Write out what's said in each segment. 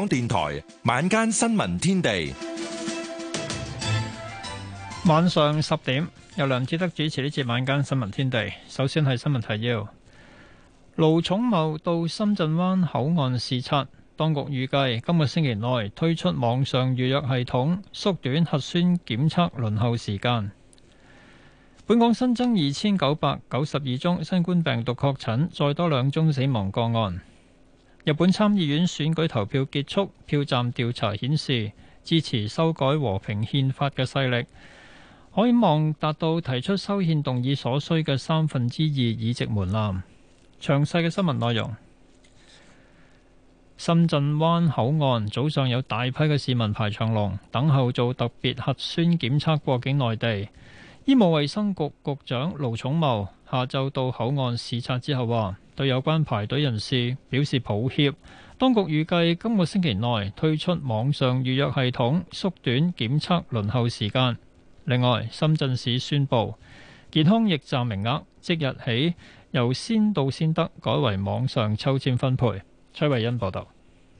香港電台晚間新聞天地，晚上十點由梁志德主持呢節晚間新聞天地。首先係新聞提要：盧寵茂到深圳灣口岸視察，當局預計今個星期內推出網上預約系統，縮短核酸檢測輪候時間。本港新增二千九百九十二宗新冠病毒確診，再多兩宗死亡個案。日本參議院選舉投票結束，票站調查顯示支持修改和平憲法嘅勢力，可望達到提出修憲動議所需嘅三分之二議席門檻。詳細嘅新聞內容，深圳灣口岸早上有大批嘅市民排長龍等候做特別核酸檢測過境內地。醫務衛生局局，局長盧寵茂下晝到口岸視察之後話。對有關排隊人士表示抱歉。當局預計今個星期內推出網上預約系統，縮短檢測輪候時間。另外，深圳市宣布，健康驛站名額即日起由先到先得改為網上抽簽分配。崔慧欣報道。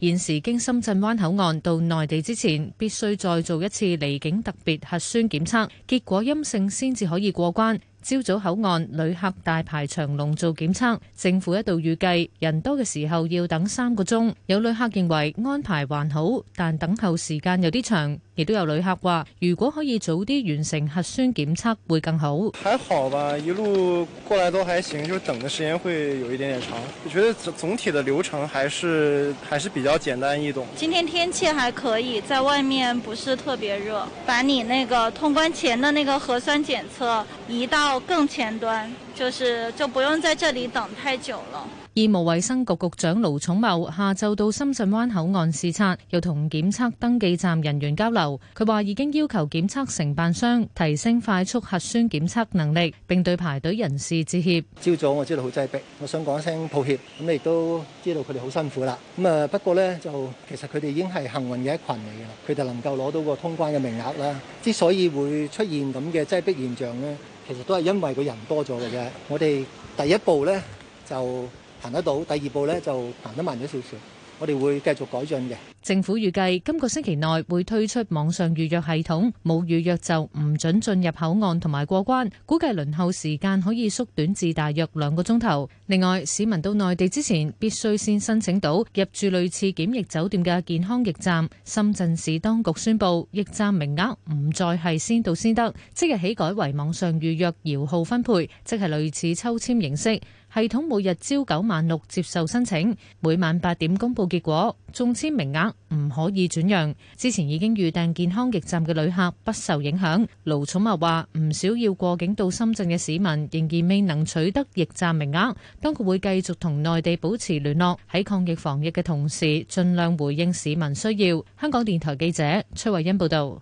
現時經深圳灣口岸到內地之前，必須再做一次離境特別核酸檢測，結果陰性先至可以過關。朝早口岸旅客大排長龍做檢測，政府一度預計人多嘅時候要等三個鐘，有旅客認為安排還好，但等候時間有啲長。亦都有旅客話：如果可以早啲完成核酸檢測會更好。還好吧，一路過來都還行，就等的時間會有一點點長。我覺得總體的流程還是還是比較簡單易懂。今天天氣還可以，在外面不是特別熱。把你那個通關前的那個核酸檢測移到更前端，就是就不用在這裏等太久了。醫務衛生局局長盧寵茂下晝到深圳灣口岸視察，又同檢測登記站人員交流。佢話已經要求檢測承辦商提升快速核酸檢測能力，並對排隊人士致歉。朝早我知道好擠逼，我想講聲抱歉。咁你亦都知道佢哋好辛苦啦。咁啊，不過呢，就其實佢哋已經係幸運嘅一群嚟噶啦，佢哋能夠攞到個通關嘅名額啦。之所以會出現咁嘅擠逼現象呢，其實都係因為個人多咗嘅啫。我哋第一步呢，就。行得到，第二步咧，就行得慢咗少少，我哋會繼續改進嘅。政府預計今個星期內會推出網上預約系統，冇預約就唔准進入口岸同埋過關。估計輪候時間可以縮短至大約兩個鐘頭。另外，市民到內地之前必須先申請到入住類似檢疫酒店嘅健康驛站。深圳市當局宣布，驛站名額唔再係先到先得，即日起改為網上預約搖號分配，即係類似抽籤形式。系統每日朝九晚六接受申請，每晚八點公佈結果。中簽名額唔可以轉讓，之前已經預訂健康驛站嘅旅客不受影響。盧寵茂話，唔少要過境到深圳嘅市民仍然未能取得驛站名額，當局會繼續同內地保持聯絡，喺抗疫防疫嘅同時，盡量回應市民需要。香港電台記者崔慧欣報道。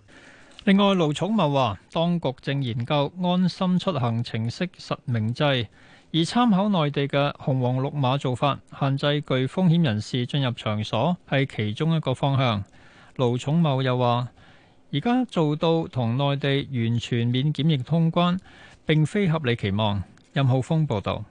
另外，盧寵茂話，當局正研究安心出行程式實名制。而參考內地嘅紅黃綠碼做法，限制具風險人士進入場所係其中一個方向。盧寵茂又話：而家做到同內地完全免檢疫通關，並非合理期望。任浩峰報導。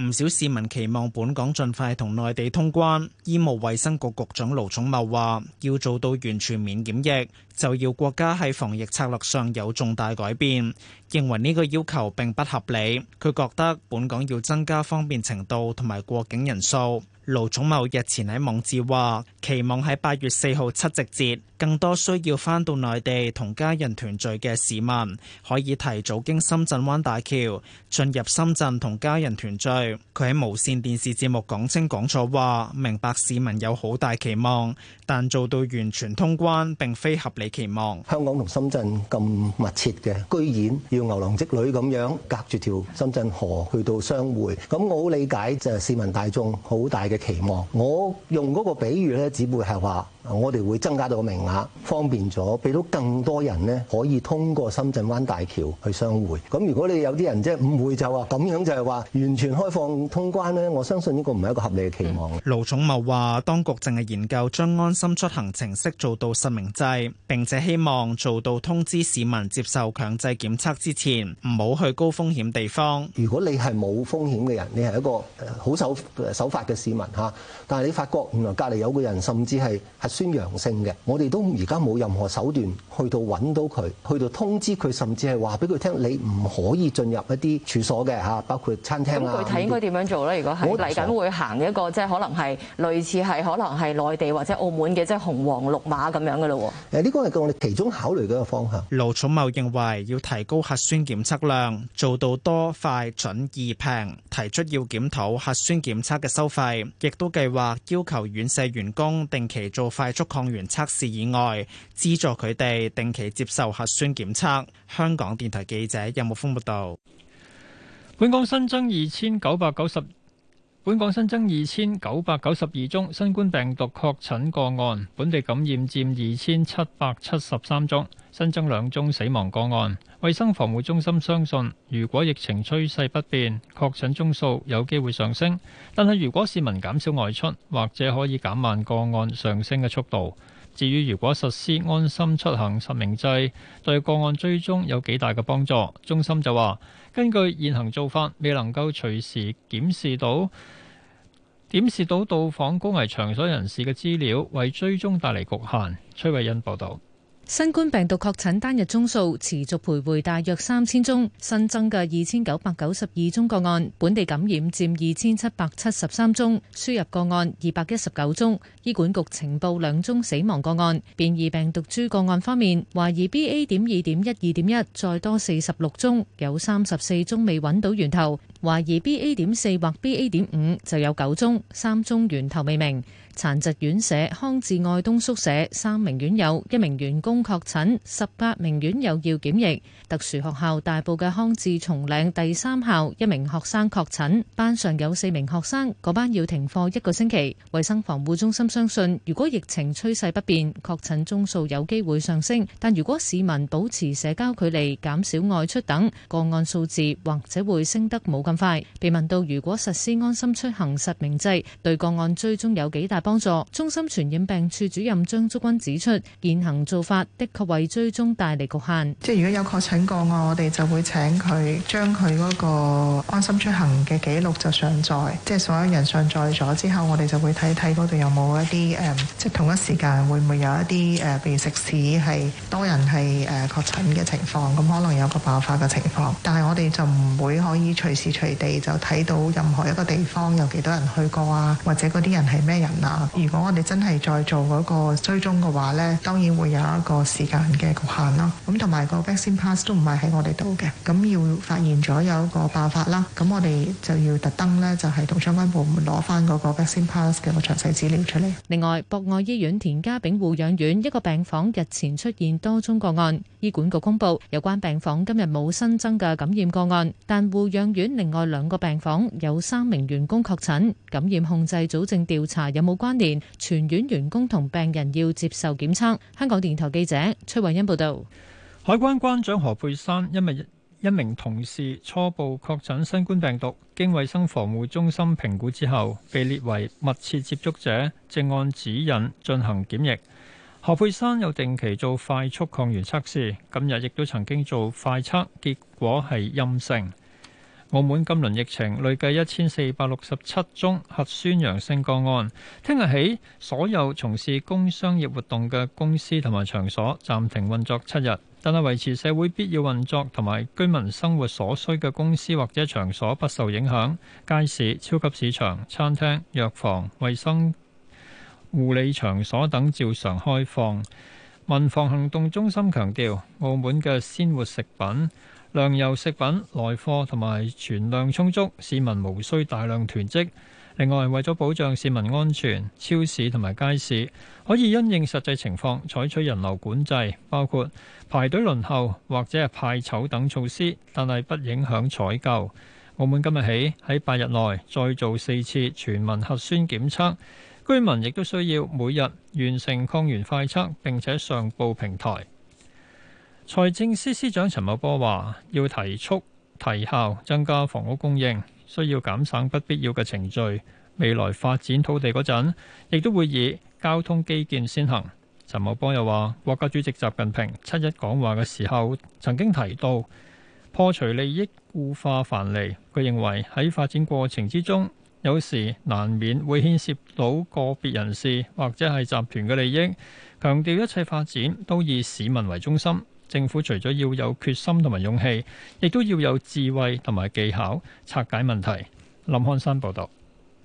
唔少市民期望本港盡快同內地通關，醫務衛生局局長盧寵茂話要做到完全免檢疫，就要國家喺防疫策略上有重大改變，認為呢個要求並不合理。佢覺得本港要增加方便程度同埋過境人數。盧寵茂日前喺網誌話，期望喺八月四號七夕節，更多需要返到內地同家人團聚嘅市民，可以提早經深圳灣大橋進入深圳同家人團聚。佢喺無綫電視節目講清講錯話，明白市民有好大期望，但做到完全通關，並非合理期望。香港同深圳咁密切嘅，居然要牛郎織女咁樣隔住條深圳河去到相會，咁我好理解就係市民大眾好大嘅期望，我用嗰個比喻咧，只會係話我哋會增加到個名額方便咗，俾到更多人咧，可以通過深圳灣大橋去相會，咁如果你有啲人即係誤會就話咁樣就係話完全開放通關咧，我相信呢個唔係一個合理嘅期望。盧總茂話當局淨係研究將安心出行程式做到實名制，並且希望做到通知市民接受強制檢測之前，唔好去高風險地方。如果你係冇風險嘅人，你係一個好守守法嘅市民。嚇！但係你發覺原來隔離有個人甚至係核酸陽性嘅，我哋都而家冇任何手段去到揾到佢，去到通知佢，甚至係話俾佢聽，你唔可以進入一啲處所嘅嚇，包括餐廳啦。咁具體應該點樣做咧？如果係嚟緊會行一個即係可能係類似係可能係內地或者澳門嘅即係紅黃綠碼咁樣嘅咯。誒，呢個係我哋其中考慮嘅一個方向。盧寵茂認為要提高核酸檢測量，做到多快準易平，提出要檢討核酸檢測嘅收費。亦都計劃要求院舍員工定期做快速抗原測試以外，資助佢哋定期接受核酸檢測。香港電台記者任木豐報道。本港新增二千九百九十。本港新增二千九百九十二宗新冠病毒確診個案，本地感染佔二千七百七十三宗，新增兩宗死亡個案。衛生防護中心相信，如果疫情趨勢不變，確診宗數有機會上升，但係如果市民減少外出，或者可以減慢個案上升嘅速度。至於如果實施安心出行實名制，對個案追蹤有幾大嘅幫助？中心就話：根據現行做法，未能夠隨時檢視到檢視到到訪高危場所人士嘅資料，為追蹤帶嚟局限。崔惠恩報導。新冠病毒確診單日宗數持續徘徊大約三千宗，新增嘅二千九百九十二宗個案，本地感染佔二千七百七十三宗，輸入個案二百一十九宗，醫管局情報兩宗死亡個案。變異病毒株個案方面，懷疑 BA. 點二點一二點一再多四十六宗，有三十四宗未揾到源頭，懷疑 BA. 點四或 BA. 點五就有九宗，三宗源頭未明。殘疾院舍康治愛東宿舍三名院友、一名員工確診，十八名院友要檢疫。特殊學校大埔嘅康治松嶺第三校一名學生確診，班上有四名學生，嗰班要停課一個星期。衛生防護中心相信，如果疫情趨勢不變，確診宗數有機會上升，但如果市民保持社交距離、減少外出等，個案數字或者會升得冇咁快。被問到如果實施安心出行實名制，對個案追蹤有幾大？幫助中心傳染病處主任張竹君指出，現行做法的確為追蹤帶嚟局限。即係如果有確診個案，我哋就會請佢將佢嗰個安心出行嘅記錄就上載，即係所有人上載咗之後，我哋就會睇睇嗰度有冇一啲誒、嗯、即係同一時間會唔會有一啲誒譬如食肆係多人係誒確診嘅情況，咁可能有個爆發嘅情況，但係我哋就唔會可以隨時隨地就睇到任何一個地方有幾多人去過啊，或者嗰啲人係咩人啊。啊！如果我哋真係再做嗰個追蹤嘅話咧，當然會有一個時間嘅局限啦。咁同埋個 vaccine pass 都唔係喺我哋度嘅，咁要發現咗有一個爆發啦，咁我哋就要特登咧，就係同相關部門攞翻嗰個 vaccine pass 嘅個詳細資料出嚟。另外，博愛醫院田家炳護養院一個病房日前出現多宗個案，醫管局公布有關病房今日冇新增嘅感染個案，但護養院另外兩個病房有三名員工確診，感染控制組正調查有冇。關聯全院員工同病人要接受檢測。香港電台記者崔慧欣報道。海關關長何佩珊，因為一名同事初步確診新冠病毒，經衛生防護中心評估之後，被列為密切接觸者，正按指引進行檢疫。何佩珊又定期做快速抗原測試，今日亦都曾經做快測，結果係陰性。澳門今輪疫情累計一千四百六十七宗核酸陽性個案，聽日起所有從事工商業活動嘅公司同埋場所暫停運作七日，但係維持社會必要運作同埋居民生活所需嘅公司或者場所不受影響。街市、超級市場、餐廳、藥房、衛生護理場所等照常開放。民防行動中心強調，澳門嘅鮮活食品，糧油食品來貨同埋存量充足，市民無需大量囤積。另外，為咗保障市民安全，超市同埋街市可以因應實際情況採取人流管制，包括排隊輪候或者係派籌等措施，但係不影響採購。澳門今日起喺八日內再做四次全民核酸檢測，居民亦都需要每日完成抗原快測並且上報平台。財政司司長陳茂波話：要提速提效，增加房屋供應，需要減省不必要嘅程序。未來發展土地嗰陣，亦都會以交通基建先行。陳茂波又話：國家主席習近平七一講話嘅時候曾經提到破除利益固化藩籬。佢認為喺發展過程之中，有時難免會牽涉到個別人士或者係集團嘅利益，強調一切發展都以市民為中心。政府除咗要有決心同埋勇氣，亦都要有智慧同埋技巧拆解問題。林漢山報道，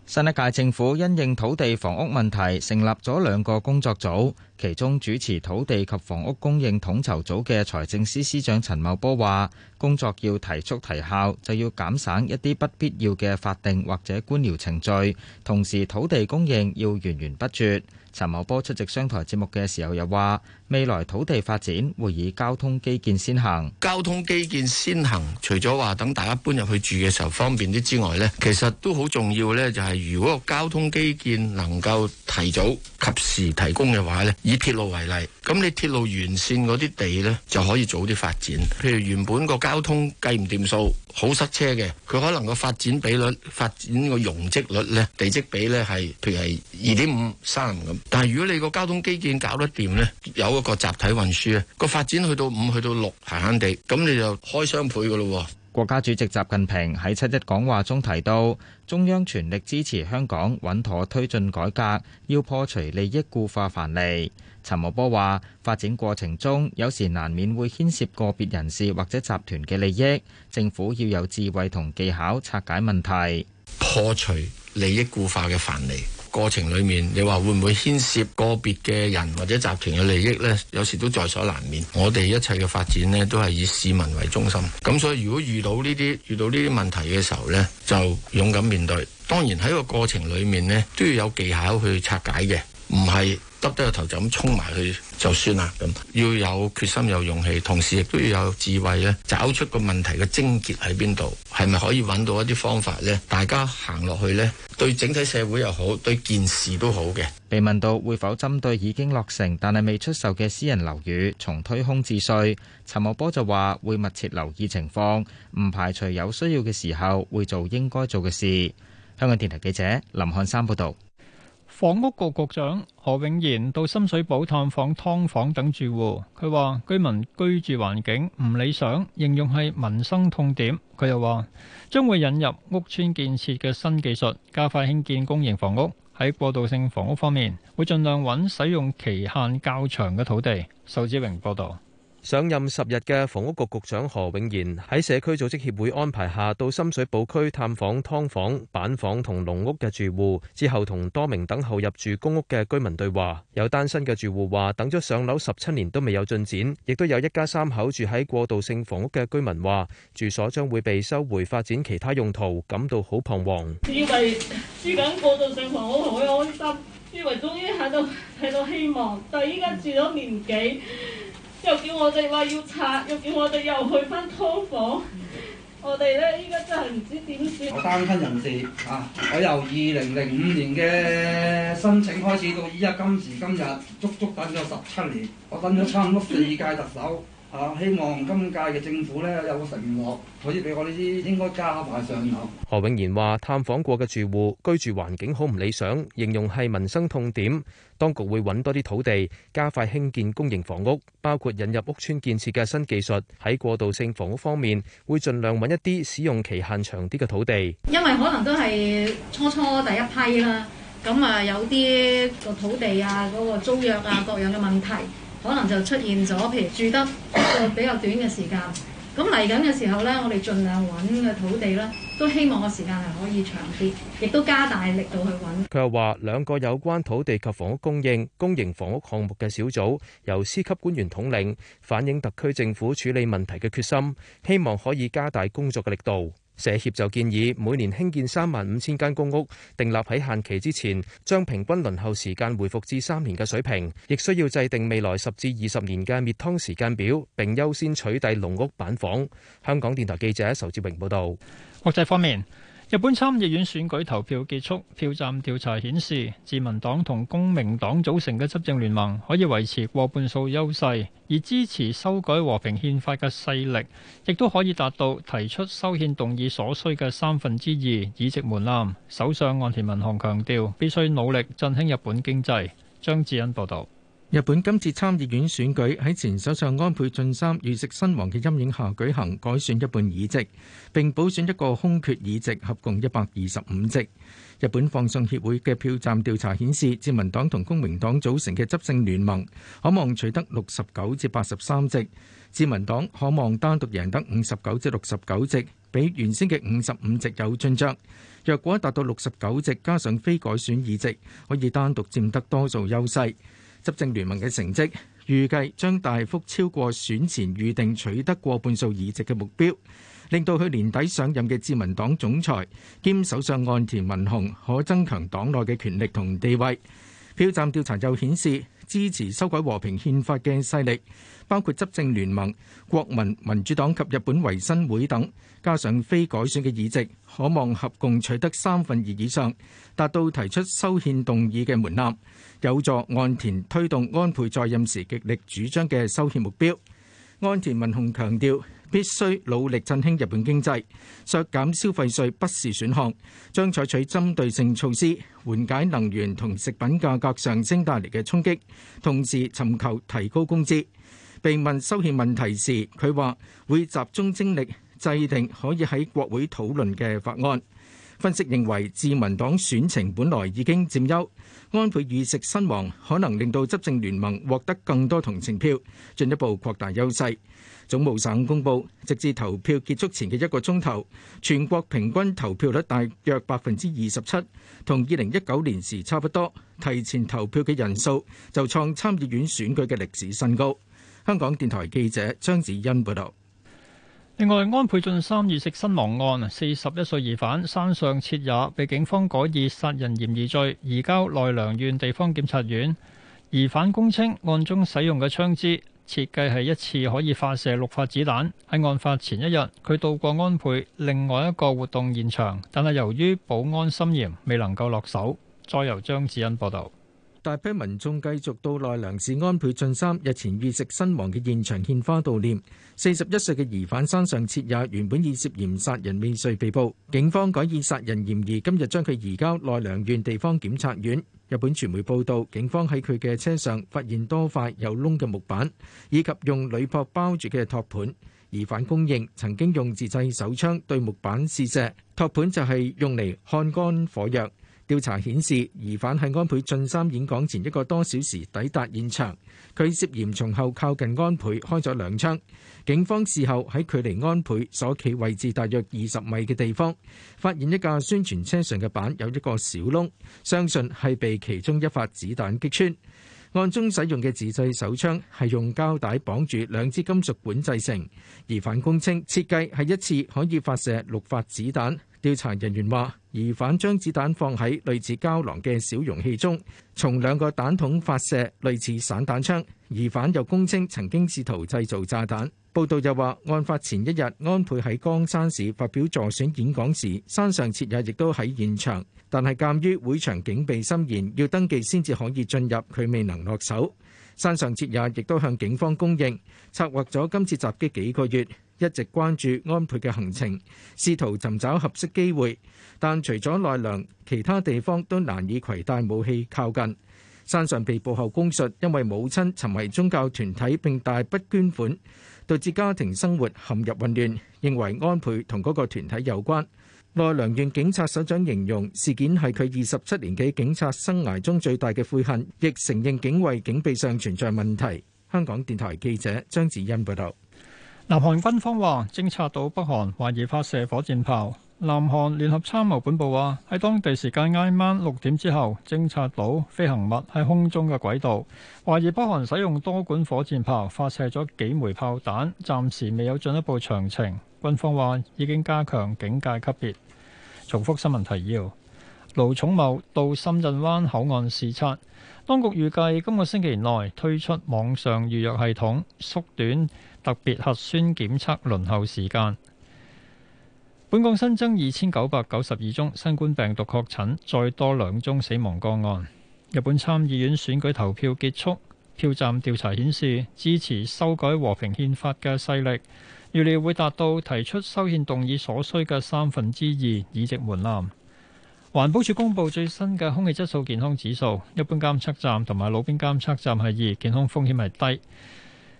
新一屆政府因應土地房屋問題，成立咗兩個工作組。其中主持土地及房屋供應統籌組嘅財政司司長陳茂波話，工作要提速提效，就要減省一啲不必要嘅法定或者官僚程序。同時土地供應要源源不絕。陳茂波出席商台節目嘅時候又話未來土地發展會以交通基建先行。交通基建先行，除咗話等大家搬入去住嘅時候方便啲之外咧，其實都好重要咧。就係如果交通基建能夠提早、及時提供嘅話咧。以鐵路為例，咁你鐵路沿線嗰啲地呢，就可以早啲發展。譬如原本個交通計唔掂數，好塞車嘅，佢可能個發展比率、發展個容積率呢，地積比呢係，譬如係二點五三咁。但係如果你個交通基建搞得掂呢，有一個集體運輸啊，個發展去到五去到六，閒閒地，咁你就開雙倍噶咯。國家主席習近平喺七一講話中提到，中央全力支持香港穩妥推進改革，要破除利益固化藩籬。陳茂波話：發展過程中，有時難免會牽涉個別人士或者集團嘅利益，政府要有智慧同技巧拆解問題，破除利益固化嘅藩籬。過程裡面，你話會唔會牽涉個別嘅人或者集團嘅利益呢？有時都在所難免。我哋一切嘅發展呢，都係以市民為中心。咁所以，如果遇到呢啲遇到呢啲問題嘅時候呢，就勇敢面對。當然喺個過程裡面呢，都要有技巧去拆解嘅，唔係。耷低個頭就咁衝埋去就算啦，咁要有決心、有勇氣，同時亦都要有智慧咧，找出個問題嘅症結喺邊度，係咪可以揾到一啲方法呢？大家行落去呢，對整體社會又好，對件事都好嘅。被問到會否針對已經落成但係未出售嘅私人樓宇重推空置稅，陳茂波就話會密切留意情況，唔排除有需要嘅時候會做應該做嘅事。香港電台記者林漢山報道。房屋局局長何永賢到深水埗探訪劏房等住戶，佢話居民居住環境唔理想，形容係民生痛點。佢又話將會引入屋邨建設嘅新技術，加快興建公營房屋。喺過渡性房屋方面，會盡量揾使用期限較長嘅土地。仇志榮報道。上任十日嘅房屋局局長何永賢喺社區組織協會安排下，到深水埗區探訪劏房、板房同籠屋嘅住戶，之後同多名等候入住公屋嘅居民對話。有單身嘅住戶話等咗上樓十七年都未有進展，亦都有一家三口住喺過渡性房屋嘅居民話住所將會被收回發展其他用途，感到好彷徨。以為住緊過渡性房屋好安心，以為終於喺度喺度希望，但依家住咗年幾。又叫我哋話要拆，又叫我哋又去翻劏房，我哋咧依家真係唔知點算。我單身人士嚇，我由二零零五年嘅申請開始到依家今時今日，足足等咗十七年，我等咗差唔多四屆特首。 啊！希望今屆嘅政府咧有個承諾，可以俾我呢啲應該加快上樓。何永賢話：探訪過嘅住戶居住環境好唔理想，形容係民生痛點。當局會揾多啲土地，加快興建公營房屋，包括引入屋村建設嘅新技術。喺過渡性房屋方面，會盡量揾一啲使用期限長啲嘅土地。因為可能都係初初第一批啦，咁啊有啲個土地啊，嗰個租約啊各樣嘅問題。可能就出現咗，譬如住得比較短嘅時間，咁嚟緊嘅時候呢，我哋盡量揾嘅土地呢，都希望個時間係可以長啲，亦都加大力度去揾。佢又話：兩個有關土地及房屋供應、公營房屋項目嘅小組，由司級官員統領，反映特區政府處理問題嘅決心，希望可以加大工作嘅力度。社協就建議每年興建三萬五千間公屋，訂立喺限期之前將平均輪候時間回復至三年嘅水平，亦需要制定未來十至二十年嘅滅劏時間表，並優先取締籠屋板房。香港電台記者仇志榮報導。國際方面。日本參議院選舉投票結束，票站調查顯示，自民黨同公明黨組成嘅執政聯盟可以維持過半數優勢，而支持修改和平憲法嘅勢力亦都可以達到提出修憲動議所需嘅三分之二議席門檻。首相岸田文雄強調，必須努力振興日本經濟。張智恩報道。日本今次參議院選舉喺前首相安倍晉三遇刺身亡嘅陰影下舉行，改選一半議席，並補選一個空缺議席，合共一百二十五席。日本放送協會嘅票站調查顯示，自民黨同公明黨組成嘅執政聯盟可望取得六十九至八十三席，自民黨可望單獨贏得五十九至六十九席，比原先嘅五十五席有進賬。若果達到六十九席，加上非改選議席，可以單獨占得多數優勢。執政聯盟嘅成績預計將大幅超過選前預定取得過半數議席嘅目標，令到去年底上任嘅自民黨總裁兼首相岸田文雄可增強黨內嘅權力同地位。票站調查又顯示。支持修改和平憲法嘅勢力，包括執政聯盟、國民民主黨及日本維新會等，加上非改選嘅議席，可望合共取得三分二以上，達到提出修憲動議嘅門檻，有助岸田推動安倍在任時極力主張嘅修憲目標。岸田文雄強調。必須努力振興日本經濟，削減消費稅不是選項，將採取針對性措施緩解能源同食品價格上升帶嚟嘅衝擊，同時尋求提高工資。被問修憲問題時，佢話會集中精力制定可以喺國會討論嘅法案。分析認為，自民黨選情本來已經佔優，安倍遇襲身亡可能令到執政聯盟獲得更多同情票，進一步擴大優勢。總務省公布，直至投票結束前嘅一個鐘頭，全國平均投票率大約百分之二十七，同二零一九年時差不多。提前投票嘅人數就創參議院選舉嘅歷史新高。香港電台記者張子欣報道。另外，安倍晉三遇刺身亡案，四十一歲疑犯山上徹也被警方改以殺人嫌疑罪移交奈良縣地方檢察院。疑犯供稱案中使用嘅槍支設計係一次可以發射六發子彈，喺案發前一日，佢到過安倍另外一個活動現場，但係由於保安森嚴未能夠落手。再由張子欣報道。大批民眾繼續到奈良市安倍晉三日前遇刺身亡嘅現場獻花悼念。四十一歲嘅疑犯山上徹也原本以涉嫌殺人未遂被捕，警方改以殺人嫌疑，今日將佢移交奈良縣地方檢察院。日本傳媒報道，警方喺佢嘅車上發現多塊有窿嘅木板，以及用鋁箔包住嘅托盤。疑犯供認曾經用自製手槍對木板試射，托盤就係用嚟烘乾火藥。調查顯示，疑犯喺安倍晉三演講前一個多小時抵達現場，佢涉嫌從後靠近安倍開咗兩槍。警方事後喺距離安倍所企位置大約二十米嘅地方，發現一架宣傳車上嘅板有一個小窿，相信係被其中一發子彈擊穿。案中使用嘅自製手槍係用膠帶綁住兩支金屬管製成，疑犯供稱設計係一次可以發射六發子彈。調查人員話，疑犯將子彈放喺類似膠囊嘅小容器中，從兩個彈筒發射類似散彈槍。疑犯又供稱曾經試圖製造炸彈。報道又話，案發前一日，安倍喺江山市發表助選演講時，山上徹也亦都喺現場，但係鑑於會場警備森嚴，要登記先至可以進入，佢未能落手。山上徹也亦都向警方供認，策劃咗今次襲擊幾個月。一直關注安倍嘅行程，試圖尋找合適機會，但除咗奈良，其他地方都難以攜帶武器靠近。山上被捕後供述，因為母親沉迷宗教團體並大不捐款，導致家庭生活陷入混亂，認為安倍同嗰個團體有關。奈良縣警察首長形容事件係佢二十七年嘅警察生涯中最大嘅悔恨，亦承認警衛警備，警備上存在問題。香港電台記者張子欣報道。南韓軍方話偵察到北韓懷疑發射火箭炮。南韓聯合參謀本部話喺當地時間挨晚六點之後，偵察到飛行物喺空中嘅軌道，懷疑北韓使用多管火箭炮發射咗幾枚炮彈，暫時未有進一步詳情。軍方話已經加強警戒級別。重複新聞提要：盧寵茂到深圳灣口岸視察。當局預計今個星期內推出網上預約系統，縮短特別核酸檢測輪候時間。本港新增二千九百九十二宗新冠病毒確診，再多兩宗死亡個案。日本參議院選舉投票結束，票站調查顯示支持修改和平憲法嘅勢力預料會達到提出修憲動議所需嘅三分之二議席門檻。環保署公布最新嘅空氣質素健康指數，一般監測站同埋路邊監測站係二，健康風險係低。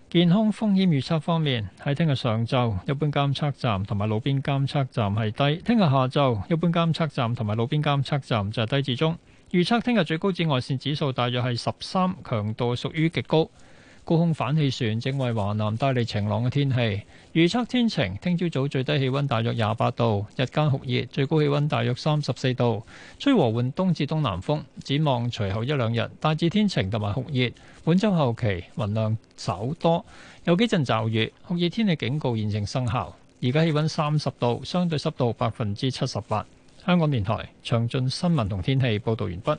健康風險預測方面，喺聽日上晝，一般監測站同埋路邊監測站係低；聽日下晝，一般監測站同埋路邊監測站就係低至中。預測聽日最高紫外線指數大約係十三，強度屬於極高。高空反氣旋正為華南帶嚟晴朗嘅天氣，預測天晴，聽朝早最低氣溫大約廿八度，日間酷熱，最高氣溫大約三十四度，吹和緩東至東南風。展望隨後一兩日大致天晴同埋酷熱，本週後期雲量稍多，有幾陣驟雨，酷熱天氣警告現正生效。而家氣溫三十度，相對濕度百分之七十八。香港電台詳盡新聞同天氣報道完畢。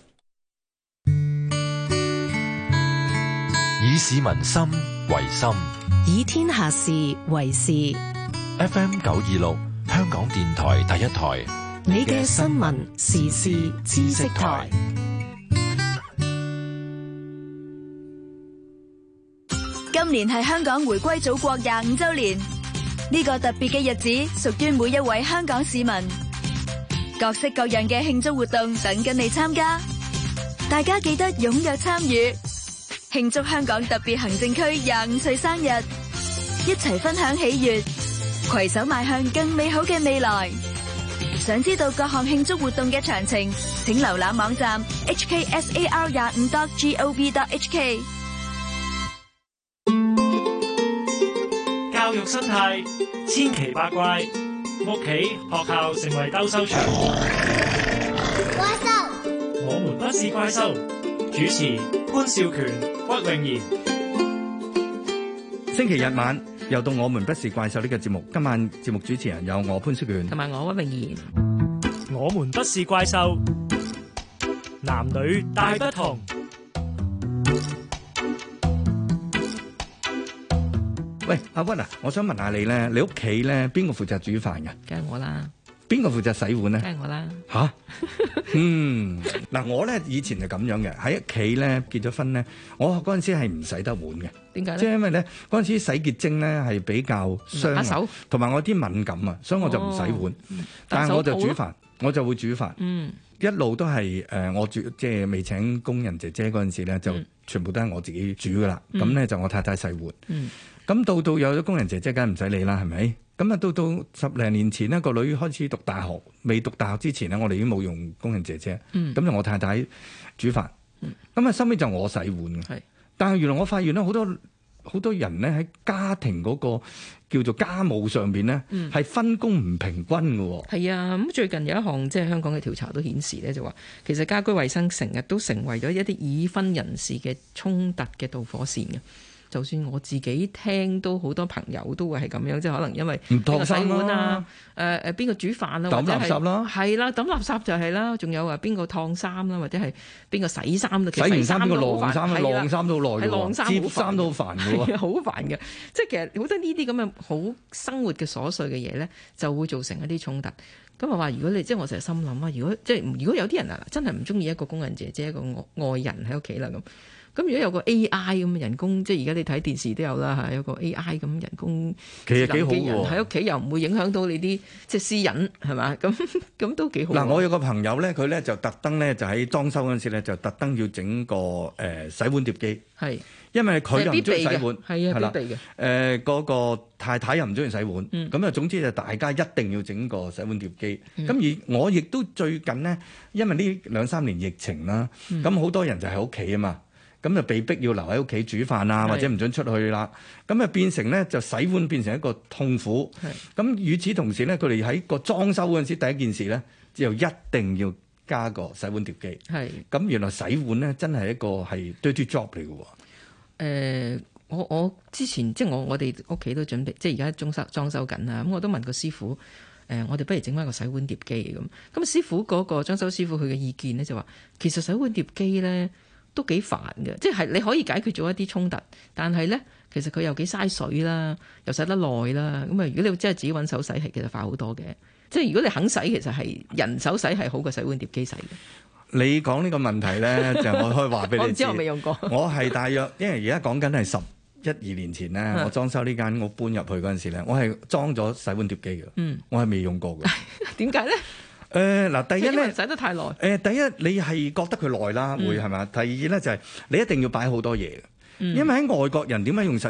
以市民心為心，以天下事為事。FM 九二六，香港電台第一台。你嘅新聞時事知識台。今年係香港回歸祖國廿五周年，呢個特別嘅日子屬於每一位香港市民。各式各樣嘅慶祝活動等緊你參加，大家記得踴躍參與。慶祝香港特別行政區廿五歲生日，一齊分享喜悅，攜手邁向更美好嘅未來。想知道各項慶祝活動嘅詳情，請瀏覽網站 hksar 廿五 dot gov dot hk。教育生態千奇百怪，屋企學校成為兜收場。怪獸，我們不是怪獸。主持潘少權、屈穎妍，星期日晚又到我們不是怪獸呢，這個節目。今晚節目主持人有我潘少權，同埋我屈穎妍。我們不是怪獸，男女大不同。喂，阿屈啊，我想問下你咧，你屋企咧邊個負責煮飯噶？啊？梗係我啦。邊個負責洗碗咧？係我啦。吓？嗯，嗱，我咧以前就咁樣嘅，喺屋企咧結咗婚咧，我嗰陣時係唔使得碗嘅。點解咧？即係因為咧嗰陣時洗潔精咧係比較傷手，同埋我啲敏感啊，所以我就唔洗碗。但係我就煮飯，我就會煮飯。一路都係誒，我煮即係未請工人姐姐嗰陣時咧，就全部都係我自己煮㗎啦。咁咧就我太太洗碗。咁到到有咗工人姐姐，梗係唔使理啦，係咪？咁啊，到到十零年前咧，個女開始讀大學。未讀大學之前咧，我哋已經冇用工人姐姐，咁就、嗯、我太太煮飯。咁啊，收尾就我洗碗係，是但係原來我發現咧，好多好多人咧喺家庭嗰個叫做家務上邊咧，係、嗯、分工唔平均嘅。係啊，咁最近有一項即係香港嘅調查都顯示咧，就話其實家居衛生成日都成為咗一啲已婚人士嘅衝突嘅導火線嘅。就算我自己聽都好多朋友都會係咁樣，即係可能因為邊個洗碗啊？誒誒、呃，邊個煮飯啊？抌垃圾啦、啊，係啦，抌垃，、啊、垃圾就係啦。仲有啊，邊個燙衫啦，或者係邊個洗衫啊？洗完衫邊個晾衫啊？晾衫都好耐晾喎，衫都好煩嘅喎，好煩嘅。即係其實好多呢啲咁嘅好生活嘅瑣碎嘅嘢咧，就會造成一啲衝突。咁我話如果你即係我成日心諗啊，如果即係如果有啲人啊，真係唔中意一個工人姐姐一個外外人喺屋企啦咁。咁如果有個 AI 咁人工，即係而家你睇電視都有啦嚇，有個 AI 咁人工其實幾好，人喺屋企又唔會影響到你啲即係私隱係嘛？咁咁都幾好。嗱，我有個朋友咧，佢咧就特登咧就喺裝修嗰陣時咧就特登要整個誒、呃、洗碗碟機。係。因為佢又唔中意洗碗，係啦，誒嗰、呃那個太太又唔中意洗碗，咁啊、嗯，總之就大家一定要整個洗碗碟機。咁、嗯、而我亦都最近咧，因為呢兩三年疫情啦，咁好、嗯、多人就喺屋企啊嘛，咁就被逼要留喺屋企煮飯啊，或者唔准出去啦，咁啊是變成咧就洗碗變成一個痛苦。咁是與此同時咧，佢哋喺個裝修嗰陣時，第一件事咧就一定要加個洗碗碟機。咁是原來洗碗咧真係一個係 dirty job 嚟嘅喎。是誒、呃，我我之前即係我我哋屋企都準備，即係而家裝修裝修緊啦。咁、嗯、我都問個師傅，誒、呃，我哋不如整翻個洗碗碟機咁。咁、嗯、師傅嗰個裝修師傅佢嘅意見咧就話，其實洗碗碟機咧都幾煩嘅，即係你可以解決咗一啲衝突，但係咧其實佢又幾嘥水啦，又洗得耐啦。咁、嗯、啊，如果你真係自己揾手洗，係其實快好多嘅。即係如果你肯洗，其實係人手洗係好過洗碗碟機洗嘅。你講呢個問題咧，就 我可以話俾你知。我知未用過。我係大約，因為而家講緊係十一二年前咧， 我裝修呢間屋搬入去嗰陣時咧，我係裝咗洗碗碟機嘅。嗯，我係未用過嘅。點解咧？誒，嗱，第一咧洗得太耐。誒、呃，第一你係覺得佢耐啦，嗯、會係咪？第二咧就係、是、你一定要擺好多嘢，因為喺外國人點解用洗碟？